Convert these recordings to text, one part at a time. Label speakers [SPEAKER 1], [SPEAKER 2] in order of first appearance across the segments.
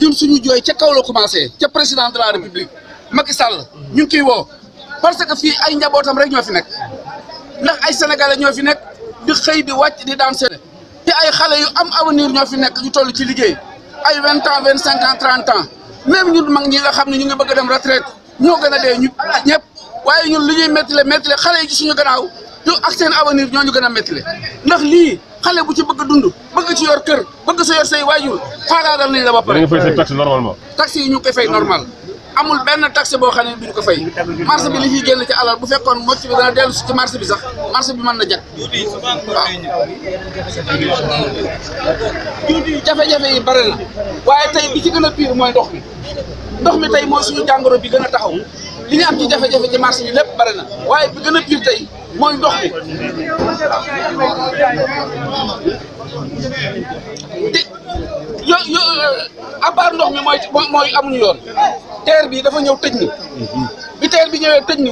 [SPEAKER 1] jëm suñu jooy ca kaw la commencé ca président de la république Macky Sall ñu ngi koy woo parce que fii ay njabootam rek ñoo fi nekk ndax ay sénégalais ñoo fi nekk di xëy di wàcc di daan seen te ay xale yu am avenir ñoo fi nekk ñu toll ci liggéey ay vingt ans vingt cinq ans trente ans même ñun mag ñi nga xam ne ñu ngi bëgg a dem retraite ñoo gën a dee ñu ñëpp waaye ñun li ñuy métti le xale yi ci suñu gannaaw ñu ak seen avenir ñoo ñu gën a métti ndax lii xale bu ci bëgg dund bëgg ci yor kër bëgg sa yor say waajur faagaagal nañ la ba pare. da nga fay sa yi ñu koy fay normal amul benn taxe boo xam ne duñ ko fay marché bi li fiy génn ci alal bu fekkoon mocc bi dana dellu ci marché bi sax marché bi mën na jag jafe-jafe yi bare na waaye tey bi ci gën a pire mooy ndox mi ndox mi tey mooy suñu jàngoro bi gën a taxaw li ñu am ci jafe-jafe ci marché bi lépp bare na waaye bi gën a pire tey. mooy ndox mi te yo yo euh, ndox mi mooy mooy amuñu yoon teer bi dafa ñëw tëj ni bi teer bi ñëwee tëj ni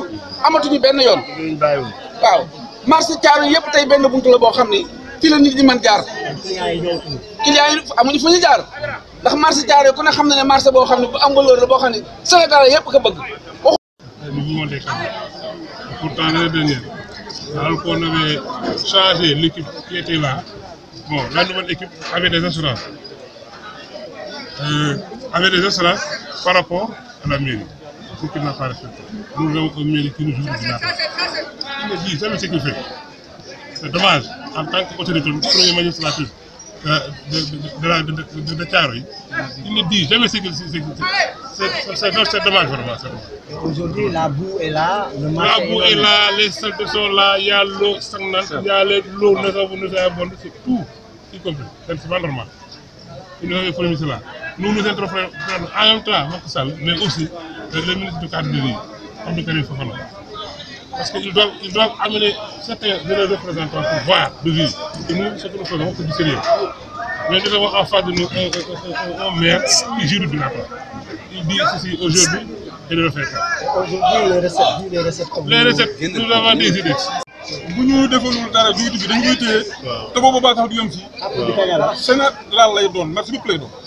[SPEAKER 1] amatuñu benn yoon waaw marché caaro yëpp tey benn buntu la boo xam ni fii la nit ñi mën jaar client yi amuñu fu ñu jaar ndax marché caaro ku ne xam na ne marché boo xam ne bu am nga loolu boo xam ne Sénégal yëpp ko bëgg. alors qu'on avait l'équipe
[SPEAKER 2] qui était Bon, la nouvelle équipe avait des assurances. Euh, des assurances par rapport à la mairie, ce qu'il n'a pas respecté. Nous avons une mairie qui nous joue du jamais ce qu'il fait. C'est dommage, en tant qu'autorité, premier magistrature, de la de de Thiaroye il ne dit jamais ce qu'il c'est c'est dommage vraiment
[SPEAKER 1] aujourd'hui la boue est là le marché la boue est là les sacs sont là il y a l'eau sanglante il y a l'eau
[SPEAKER 2] nauséabonde c'est tout y compris c'est pas normal il nous avait promis cela nous nous interpellons en même temps Macky Sall mais aussi euh, le ministre du cadre de vie Abdou Karim Fofana parce qu'ils doivent, amener certains de leurs représentants pour voir, de vivre. Et nous, ce que nous faisons, c'est Mais nous avons en face de nous un, un, un, un maire qui jure du rapport. Il dit ceci aujourd'hui et ne le fait pas. Aujourd'hui, les recettes, les recettes comme Les recettes, nous avons des idées. bu ñu defoonul dara juuti bi dañ koy téye. te boobu baax tax du yem fii. Ah, Sénégal lay doon merci beaucoup lay doon.